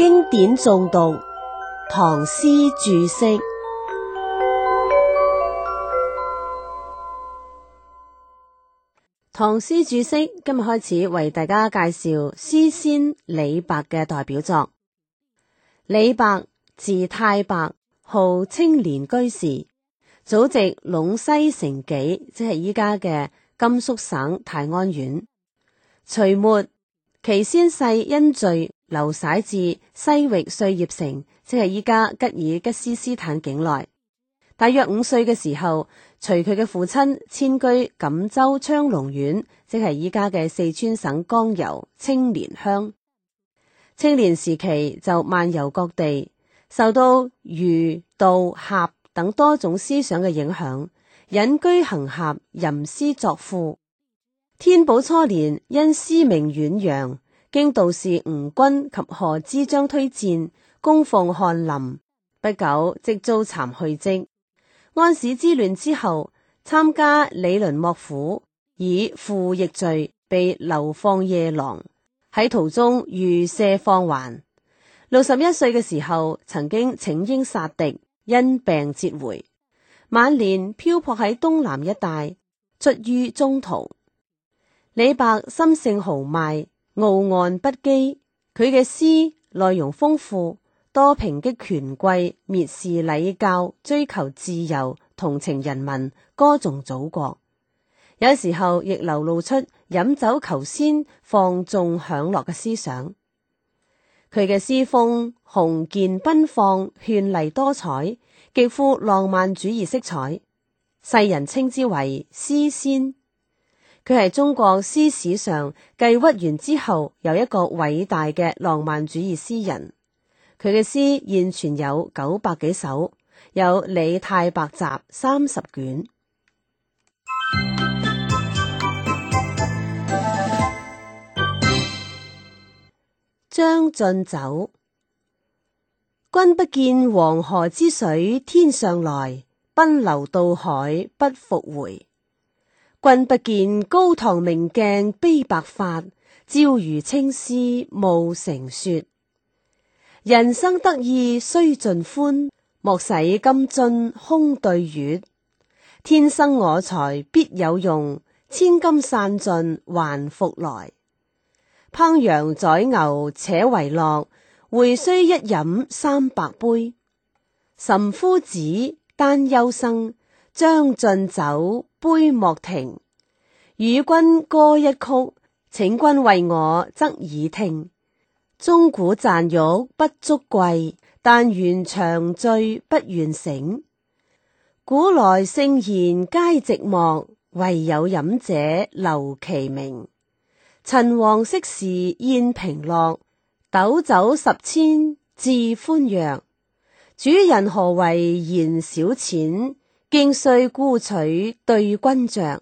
經典誦讀，唐詩注釋。唐詩注釋今日開始為大家介紹詩仙李白嘅代表作。李白字太白，號青蓮居士，祖籍隴西成紀，即係依家嘅甘肅省泰安縣。隋末，其先世因罪，流徙至西域碎葉城，即係依家吉爾吉斯斯坦境內。大約五歲嘅時候，隨佢嘅父親遷居錦州昌隆縣，即係依家嘅四川省江油青蓮鄉。青年時期就漫遊各地，受到儒道俠等多種思想嘅影響，隱居行俠，吟詩作賦。天寶初年，因詩名遠揚。經道士吳筠及賀知章推薦，供奉翰林。不久即遭讒去職。安史之亂之後，參加李倫幕府，以附逆罪被流放夜郎。喺途中遇赦放還。六十一歲嘅時候，曾經請纓殺敵，因病折回。晚年漂泊喺東南一帶，卒於中途。李白心性豪邁。傲岸不羈，佢嘅詩內容豐富，多抨擊權貴、蔑視禮教，追求自由，同情人民，歌頌祖國。有時候亦流露出飲酒求仙、放縱享樂嘅思想。佢嘅詩風雄健奔放、絢麗多彩，極富浪漫主義色彩，世人稱之為詩仙。佢係中國詩史上繼屈原之後有一個偉大嘅浪漫主義詩人。佢嘅詩現存有九百幾首，有《李太白集》三十卷。將進酒，君不見黃河之水天上來，奔流到海不復回。君不見，高堂明鏡悲白髮，朝如青絲暮成雪。人生得意須盡歡，莫使金樽空對月。天生我材必有用，千金散盡還復來。烹羊宰牛且為樂，會須一飲三百杯。岑夫子，丹丘生，將進酒。杯莫停，與君歌一曲，請君為我側耳聽。鐘鼓馔玉不足貴，但願長醉不願醒。古來聖賢皆寂寞，唯有飲者留其名。陳王昔時宴平樂，斗酒十千恣歡謔。主人何為言少錢？徑須沽取對君酌，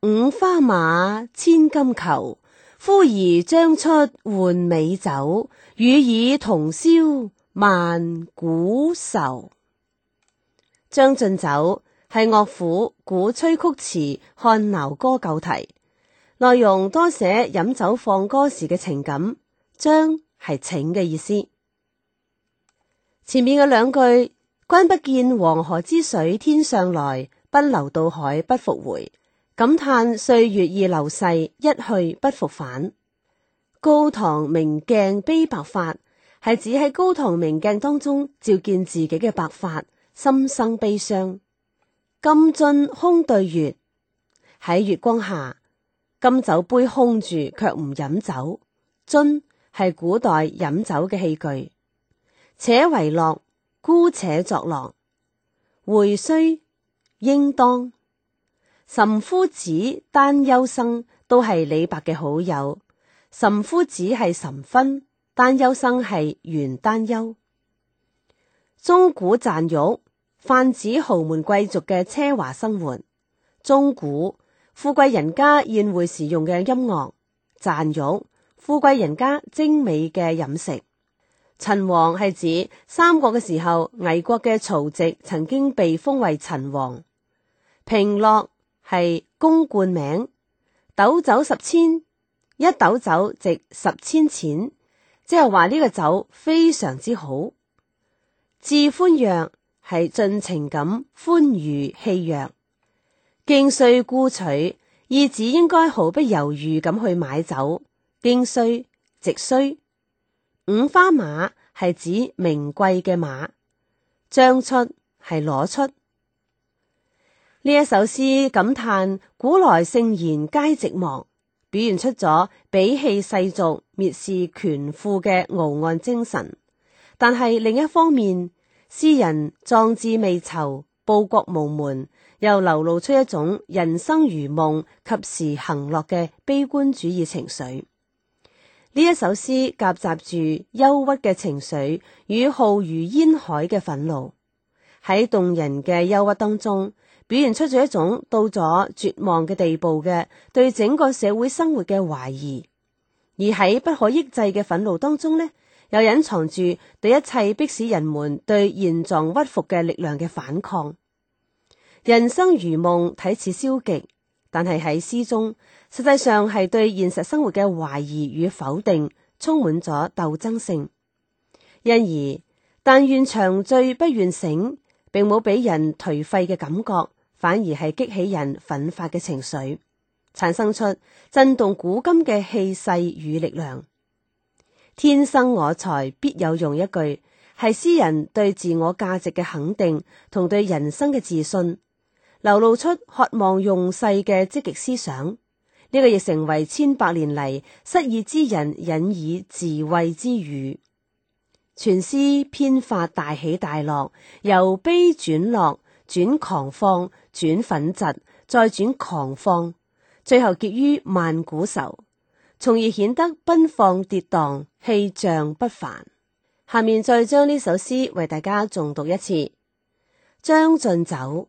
五花馬，千金裘，呼兒將出換美酒，與爾同銷萬古愁。將進酒係樂府鼓吹曲辭漢鐃歌舊題，內容多寫飲酒放歌時嘅情感。將係請嘅意思，前面嘅兩句。君不見黃河之水天上來，奔流到海不復回。感嘆歲月易流逝，一去不復返。高堂明鏡悲白髮，係指喺高堂明鏡當中照見自己嘅白髮，心生悲傷。金樽空對月，喺月光下，金酒杯空住卻唔飲酒。樽係古代飲酒嘅器具，且為樂。姑且作樂，會須應當。岑夫子，丹丘生都係李白嘅好友。岑夫子係岑勳，丹丘生係元丹丘。鐘鼓饌玉泛指豪門貴族嘅奢華生活。鐘鼓富貴人家宴會時用嘅音樂，饌玉富貴人家精美嘅飲食。陳王係指三國嘅時候，魏國嘅曹植曾經被封為陳王。平樂係公冠名，斗酒十千，一斗酒值十千錢，即係話呢個酒非常之好。恣歡謔係盡情咁歡愉戲謔，徑須沽取意指應該毫不猶豫咁去買酒，徑須直須。五花馬係指名貴嘅馬，將出係攞出。呢一首詩感嘆古來聖賢皆寂寞，表現出咗鄙棄世俗、蔑視權富嘅傲岸精神。但係另一方面，詩人壯志未酬、報國無門，又流露出一種人生如夢、及時行樂嘅悲觀主義情緒。呢一首詩夾雜住憂鬱嘅情緒與浩如煙海嘅憤怒，喺動人嘅憂鬱當中，表現出咗一種到咗絕望嘅地步嘅對整個社會生活嘅懷疑；而喺不可抑制嘅憤怒當中呢，又隱藏住對一切迫使人們對現狀屈服嘅力量嘅反抗。人生如夢，睇似消極。但係喺詩中，實際上係對現實生活嘅懷疑與否定，充滿咗鬥爭性。因而，但願長醉不願醒，並冇俾人頹廢嘅感覺，反而係激起人奮發嘅情緒，產生出震動古今嘅氣勢與力量。天生我材必有用一句，係詩人對自我價值嘅肯定，同對人生嘅自信。流露出渴望用世嘅積極思想，呢個亦成為千百年嚟失意之人引以自慰之語。全詩篇法大起大落，由悲轉樂，轉狂放，轉憤激，再轉狂放，最後結於萬古愁，從而顯得奔放跌宕，氣象不凡。下面再將呢首詩為大家誦讀一次，將進酒。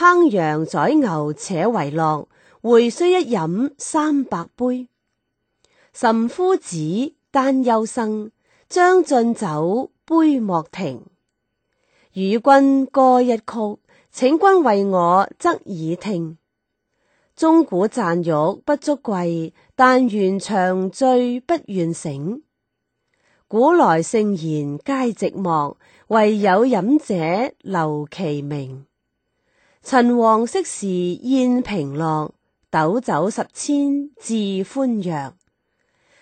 烹羊宰牛且為樂，會須一飲三百杯。岑夫子，丹丘生，將進酒，杯莫停。與君歌一曲，請君為我側耳聽。鐘鼓饌玉不足貴，但願長醉不願醒。古來聖賢皆寂寞，唯有飲者留其名。陳王昔時宴平樂，斗酒十千恣歡謔。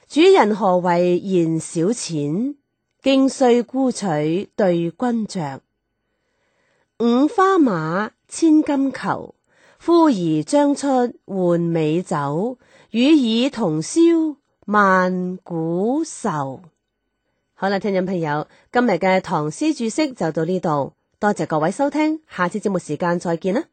主人何為言少錢？徑須沽取對君酌。五花馬，千金裘，呼兒將出換美酒，與爾同銷萬古愁。好啦，聽眾朋友，今日嘅唐詩注釋就到呢度。多謝各位收聽，下次節目時間再見啦。